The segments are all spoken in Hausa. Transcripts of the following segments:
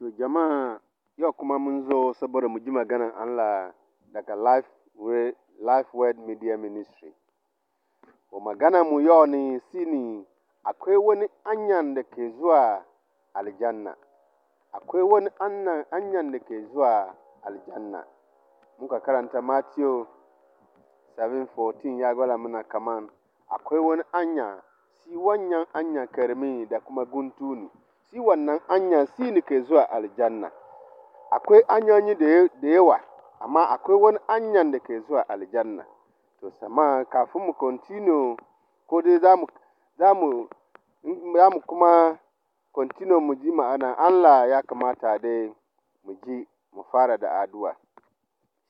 To jama'a yau kuma mun zo saboda mu ji maganar Allah daga Life Word Media Ministry. To magana mu yau ne ne akwai wani anyan da ke zuwa aljanna. Akwai wani anyan da ke zuwa aljanna. Muka karanta Matthew 7:14 ya gwala muna kaman akwai wani anya, shi wannan anya karmi da kuma guntu ne. shi wannan hanyar shi ne ke zuwa aljanna. Akwai hanyoyi da yawa amma akwai wani hanyar da ke zuwa aljanna. To sama kafin mu continue ko dai za mu, za kuma continue mu ji ma'ana Allah ya kamata dai mu ji mu fara da addu'a.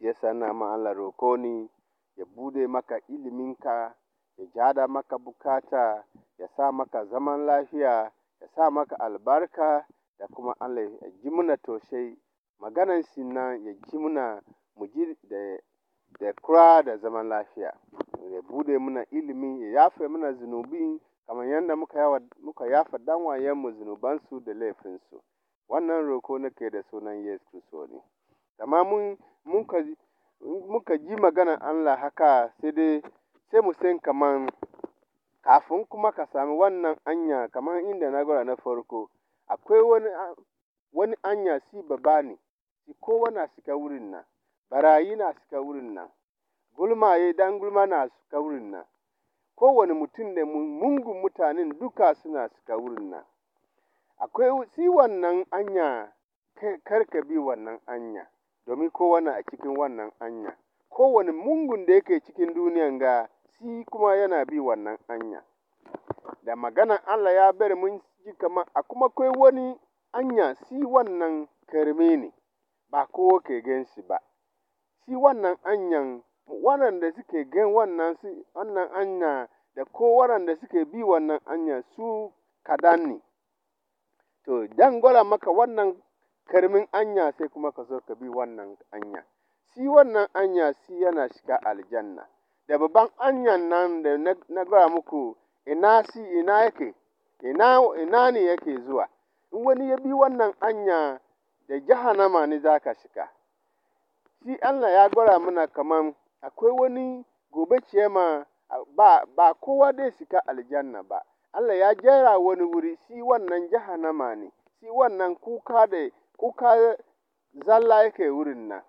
yasa na ma Allah rokoni ya bude maka iliminka, ya ja maka bukata, ya sa maka zaman lafiya ya sa maka albarka da kuma Allah ya ji muna toshai maganan shi nan ya ji muna mu ji da da kura da zaman lafiya ya bude muna ilimi ya yafe muna zunubi kamar yadda muka muka yafa dan wayenmu su da laifin su wannan roko nake da sunan Yesu Kristo ne amma mun muka muka ji maganar Allah haka sai dai sai mu san kaman Kafin kuma ka sami wannan “anya” kamar inda na gwada na farko, akwai wani “anya” si si kowa na shiga wurin nan, barayi na shiga wurin nan, gulmaye dan gulma na shiga wurin nan, kowane mutum da mungun mutanen duka suna shiga wurin nan. Akwai si wannan “anya” kar ka bi wannan “anya” domin kowa na cikin wannan “anya”. Kowane mungun da yake cikin duniyan ga shi kuma yana bi wannan hanya. Da magana Allah ya bari mun ji kamar a kuma kai wani hanya shi wannan karme ne, ba kowa ke gan shi ba. Shi wannan hanyan waɗanda suke gan wannan wannan hanya da ko waɗanda suke bi wannan hanya su kadan ne. To, dan gwada maka wannan karmin hanya sai kuma ka zo ka bi wannan hanya. Shi wannan hanya shi yana shiga aljanna. da babban anyan nan da na gaya muku ina si, ina yake ina ina ne yake zuwa in wani ya bi wannan anya da jahannama ne za ka shiga shi Allah ya gwara mana kaman akwai wani gobe ciyama ba ba kowa dai shiga aljanna ba Allah ya jera wani wuri shi wannan jahannama ne shi wannan kuka da kuka zalla yake wurin nan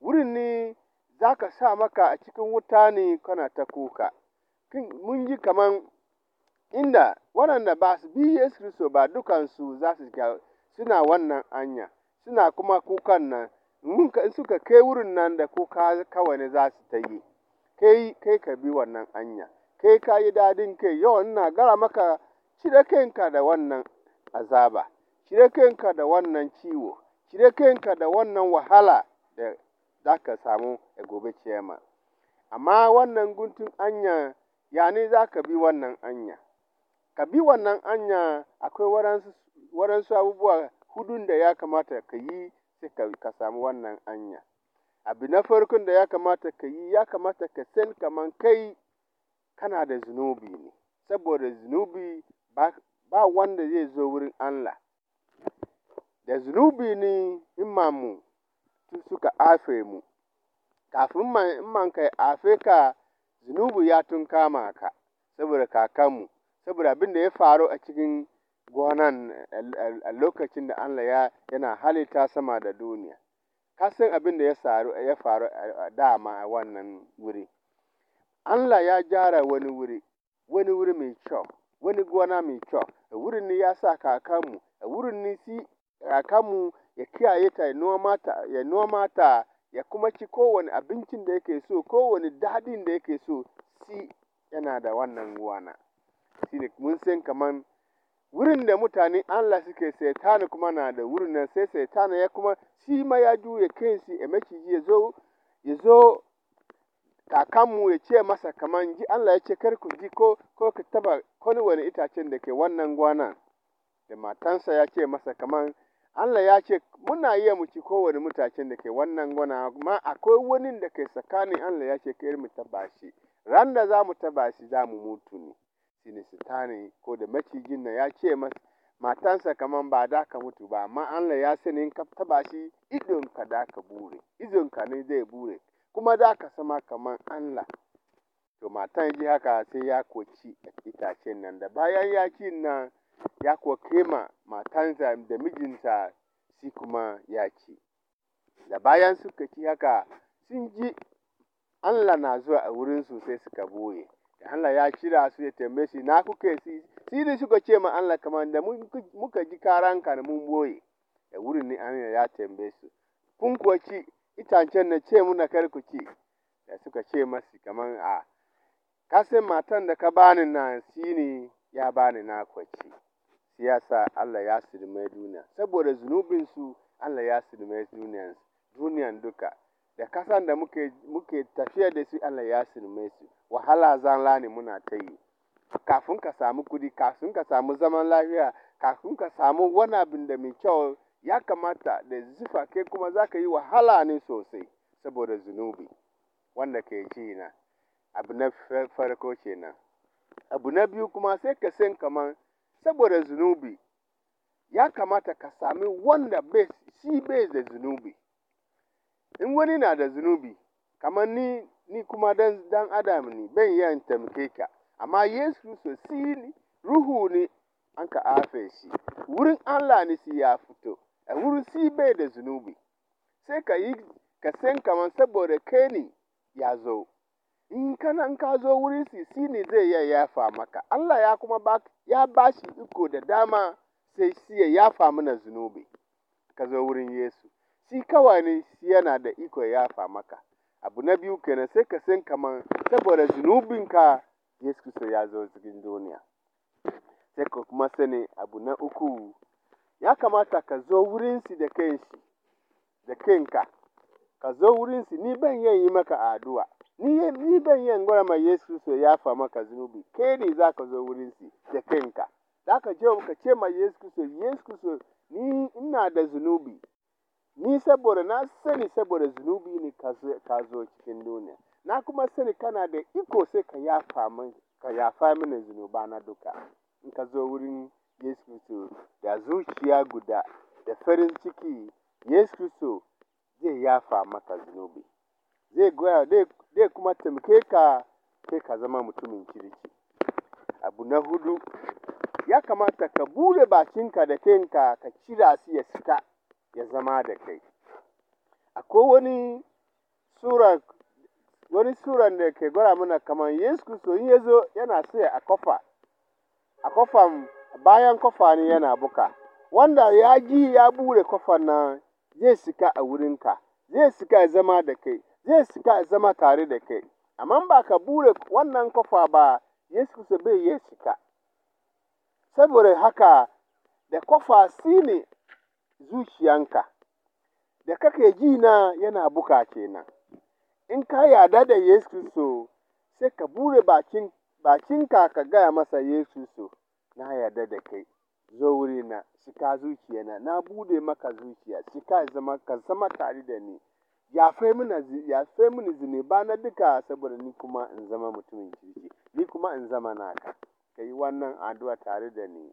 wurin ne za ka sa maka a cikin wuta ne kana ta kuka. Mun yi kaman inda waɗanda ba su bi Yesu Kristo ba dukansu za su shiga suna wannan anya, suna kuma kukan nan, in suka kai wurin nan da kuka kawai ne za su ta yi, kai kai ka bi wannan anya, kai ka yi dadin kai, yawan ina gara maka cire kanka da wannan azaba, cire kanka da wannan ciwo, cire kanka da wannan wahala da za ka samu a eh, gobe ciyama. Amma wannan guntun anya ya ne za ka bi wannan anya Ka bi wannan ya akwai waransu, abubuwa hudun da ya kamata ka yi sai ka samu wannan anya Abu na farkon da ya kamata ka yi, ya kamata ka san kaman kai kana da zunubi ne, saboda zunubi ba, wanda zai zo wurin Allah. Da zunubi ne mamu. tun suka afe mu, kafin in man kai afe ka zunubu ya tun kama ka saboda kakanmu, saboda abin da ya faru a cikin gonan a lokacin da Allah ya yana halitta sama da duniya. Ka san abin da ya faru ya faru a dama a wannan wuri. Allah ya gyara wani wuri, wani wuri mai kyau, wani gona mai kyau, a wurin ne ya sa kakanmu, a wurin ne si kakanmu ya kiyaye ta ya noma ta ya ta ya kuma ci kowane abincin da yake so kowane dadin da yake so shi yana da wannan wana shi mun san kaman wurin da mutane Allah suke saitani kuma na da wurin nan sai saitani ya kuma shi ma ya juya ya maciji ya zo kakanmu ya ce masa kaman ji Allah ya ce kar ku ji ko ko ka taba wani itacen da ke wannan gwana da matansa ya ce masa kaman Allah ya ce muna iya mu ci kowane mutacen da ke wannan gona, amma akwai wani da ke tsakanin Allah ya ce kai mu taba shi. Ran da za mu taba shi za mu mutu ne. Shi Sitani ko da macijin na ya ce masa matansa kaman ba da ka mutu ba, amma Allah ya sani in ka taba shi ka da ka bure, ka ne zai bure, kuma da ka sama kaman Allah. To matan ji haka sai ya koci itacen nan da bayan ya ci nan ya kuwa kama matansa da mijinta shi kuma ya ci. Da bayan suka ci haka sun ji Allah na zuwa a wurin sai suka boye. Da Allah ya kira su ya tambaye shi na kuke si ne suka ce ma Allah kamar da muka ji karanka da mun boye. Da wurin ne an ya tambaye su. Kun kuwa ci itancen na ce muna kar ku ci. Da suka ce masu kamar a kasan matan da ka bani na shi ne ya bani na kwaci. siyasa Allah ya sirme duniya saboda zunubinsu Allah ya sirme duniyan duniya duka da kasan da muke tafiya da su Allah ya sirme su wahala zanla ne muna ta yi kafin ka samu kudi kafin ka samu zaman lafiya kafin ka samu wani abin da mai kyau ya kamata da zufa ke kuma za ka yi wahala ne sosai saboda zunubi wanda ke ji na abu na farko kenan abu na biyu kuma sai ka san kamar saboda zunubi ya kamata ka sami wanda shi bai da zunubi in wani na da zunubi kamar ni ni kuma dan dan adam ne ban iya ka amma yesu so si ruhu ne an ka afe shi wurin allah ne si ya fito a wurin si bai da zunubi sai ka yi ka san kamar saboda kai ni ya zo in kana ka zo wurin si si ne zai yayyafa yafa maka allah ya kuma baka ya ba shi iko da dama sai shi ya yafa mana zunubi. Ka zo wurin Yesu, shi kawai ne shi yana da iko ya yafa maka. Abu na biyu kenan sai ka san kaman saboda zunubinka Yesu Kristo ya zo cikin duniya. Sai ka kuma sani abu na uku, ya kamata ka zo wurinsu da kanshi, da kanka, ka zo shi ni ban yayi maka addu'a. ni ban yi gwada ma Yesu so ya fa maka zunubi ke ne za ka zo shi da kanka za ka je ka ce ma Yesu Kristo Yesu Kristo ni ina da zunubi ni saboda na sani saboda zunubi ne ka zo cikin duniya na kuma sani kana da iko sai ka yafa min ka fa min zunuba na duka in ka zo wurin Yesu Kristo da zuciya guda da farin ciki Yesu Kristo zai yafa maka zunubi zai goya zai kuma taimake ka sai ka zama mutumin kirki. Abu na hudu, ya kamata ka bude bakinka da kanka ka cira su ya fita ya zama da kai. Akwai wani sura wani suran da ke gwara mana kamar Yesu Kristo in ya zo yana tsaye a kofa, a kofan bayan kofa ne yana buka. Wanda ya ji ya bude kofan nan zai sika a wurinka, zai sika ya zama da kai. zai suka zama tare da kai, amma ba ka bure wannan kofa ba, Yesu su bai ya cika. Saboda haka, da kofa si ne zuciyanka, da kake ji na yana buka kenan. In ka yada da Yesu so, sai ka bure bakinka ka gaya masa Yesu so, na yada da kai, zo na shika zuciyana, na bude maka zuciya, shika zama ka zama tare da ni, ya fai yafe mini zunuba na duka saboda ni kuma in zama mutumin kirki ni kuma in zama naka ka yi wannan addu'a tare da ni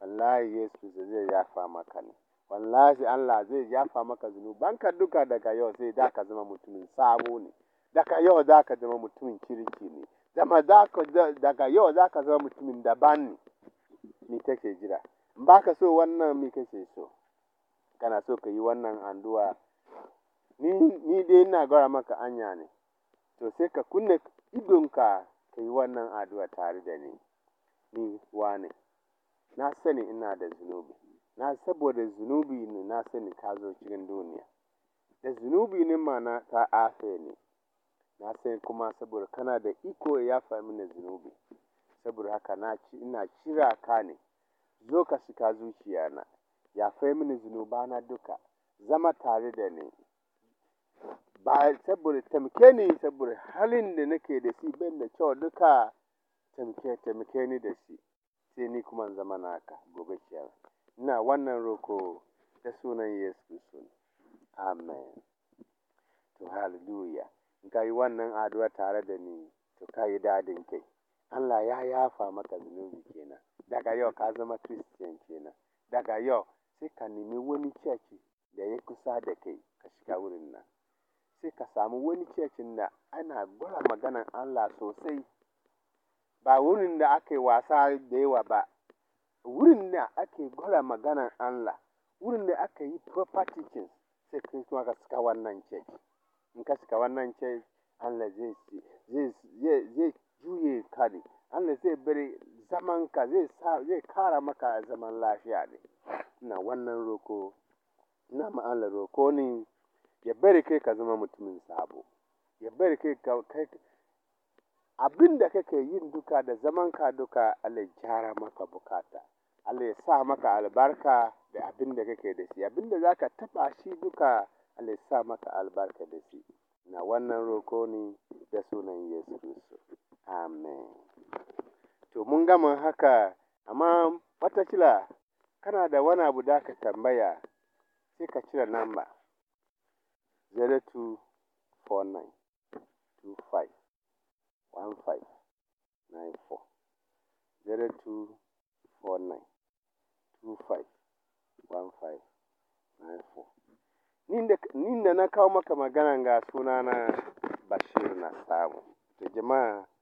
wallahi Yesu zai yafa maka ne wallahi Allah zai yafa maka zunubanka duka daga yau sai da ka zama mutumin sabo ne daga yau za ka zama mutumin kirki ne zama daga yau za ka zama mutumin daban ne me kake jira in ba ka so wannan me kake so kana so ka yi wannan addu'a ni dai ina gaya maka anya ne, to sai ka kunna idonka ka yi wannan addu'a tare da ni, ni wane, na sani ina da zunubi, na saboda zunubi ne na sani ka zo cikin duniya, da zunubi ne mana ta afe ne, na sani kuma saboda kana da iko ya fami da zunubi, saboda haka na ci ina kira ka ne, zo ka shiga na, ya fai mini zunubana duka, zama tare da ni. ba saboda tamke ni saboda halin da nake da shi ban da kyau duka tamke tamke ni da shi sai ni kuma zama naka gobe kiyama ina wannan roko ta sunan Yesu Kristo amen to hallelujah in ka yi wannan addu'a tare da ni to ka yi dadin kai Allah ya yafa maka zunubi kenan daga yau ka zama Christian kenan daga yau sai ka nemi wani church da ya kusa da kai sai ka samu wani cecin da ana gwada maganan Allah sosai ba wurin da aka yi wasa da yawa ba wurin da ake gwada maganan Allah wurin da aka yi proper teaching sai kai kuma ka suka wannan cec in ka suka wannan cec Allah zai zai juye ka ne Allah zai bari zaman ka zai zai kara maka zaman lafiya ne ina wannan roko ina ma Allah roko ne ya bari kai ka zama mutumin sabo ya bari kai ka kai abin da kake yin duka da zaman ka duka Allah ya gyara maka bukata Allah ya sa maka albarka da abin da kake da shi abin da zaka taba shi duka Allah ya sa maka albarka da shi na wannan roko ne da sunan Yesu Kristo amen to mun gama haka amma kila kana da wani abu da ka tambaya sai ka cire namba zero two four nine two five one five nine Ni da na kawo maka magana ga sunana Bashir na samu. To jama'a